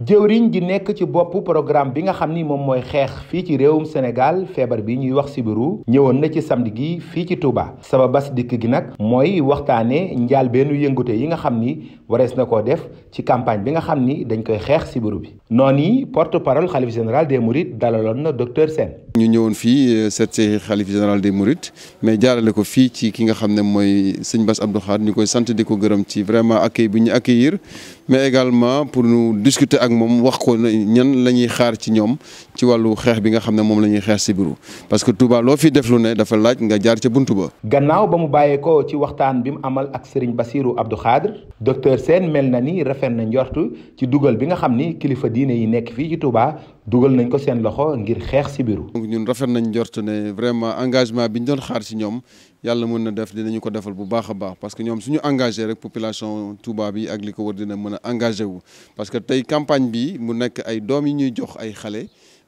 jëwriñ ji nekk ci bopp programme bi nga xam ni moom mooy xeex fii ci réewum Sénégal feebar bi ñuy wax sibiru ñëwoon na ci samedi gi fii ci Touba bas dikk gi nag mooy waxtaane njaal benn yëngute yi nga xam ni warees na koo def ci campagne bi nga xam ni dañ koy xeex sibiru bi noonu yi porte parole xalif général de Mourides dalaloon na docteur Sène ñu ñëwoon fii euh, seet si xalif général des Mourides mais jaarale ko fii ci ki nga xam ne mooy sëñ Bass Abdou Khadre ñu koy sant di ko gërëm ci vraiment accueil bi ñu accueillir mais également pour ñu discuter ak moom wax ko ñan la ñuy xaar ci ñoom ci wàllu xeex bi nga xam ne moom la ñuy xeex si biiru parce que Touba loo fi def lu ne dafa laaj nga jaar ca buntu ba. gannaaw ba mu bàyyeekoo ci waxtaan bi mu amal ak sëriñ Bassirou Abdou Khadre docteur seen mel na ni rafet na njort ci dugal bi nga xam ni kilifa diine yi nekk fii ci Touba dugal nañ ko seen loxo ngir xeex Sibiru. ñun rafet nañ njort ne vraiment engagement bi ñu doon xaar si ñoom yàlla mun na def dinañu ko defal bu baax a baax parce que ñoom suñu engagé rek population Touba yi ak li ko war dina mën a engagé wu. parce que tey campagne bi mu nekk ay doom yi ñuy jox ay xale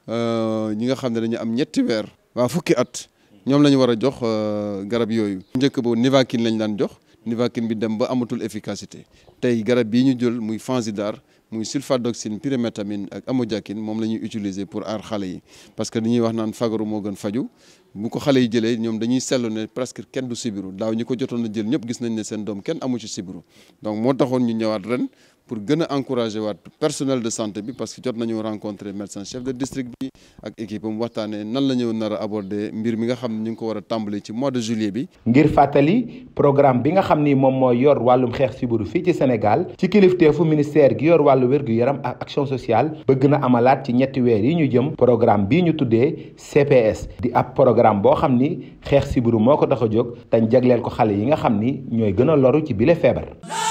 euh, ñi nga xam ne dañu am ñetti weer. waa fukki at ñoom la ñu war a jox euh, garab yooyu. njëkk boobu Nivaquine lañ daan jox Nivaquine bi dem ba amatul efficacité tey garab bii ñu jël muy Fansidar. muy sulfadoxine pyrimétamine ak amodiaquine moom la ñuy utiliser pour aar xale yi parce que li ñuy wax naan fagaru moo gën faju bu ko xale yi jëlee ñoom dañuy seetlu ne presque kenn du sibiru daaw ñi ko jotoon a jël ñëpp gis nañ ne seen doom kenn amu ci sibiru donc moo taxoon ñu ñëwaat ren pour gën a encourager waat personnel de santé bi parce que jot nañu rencontrer médecin chef de district bi ak équipe am nan la ñu nar a aborder mbir mi nga xam ne ñu ngi ko war a tàmbali ci mois de juillet bi. ngir fàttali programme bi nga xam ni moom mooy yor wàllum xeex sibiru fii ci Sénégal ci kilifteefu ministère gi yor wàllu wér-gu-yaram ak action sociale bëgg na amalaat ci ñetti weer yi ñu jëm programme bii ñu tuddee CPS di ab programme boo xam ni xeex sibiru moo ko tax jóg te jagleel ko xale yi nga xam ni ñooy gën a loru ci bile feebar.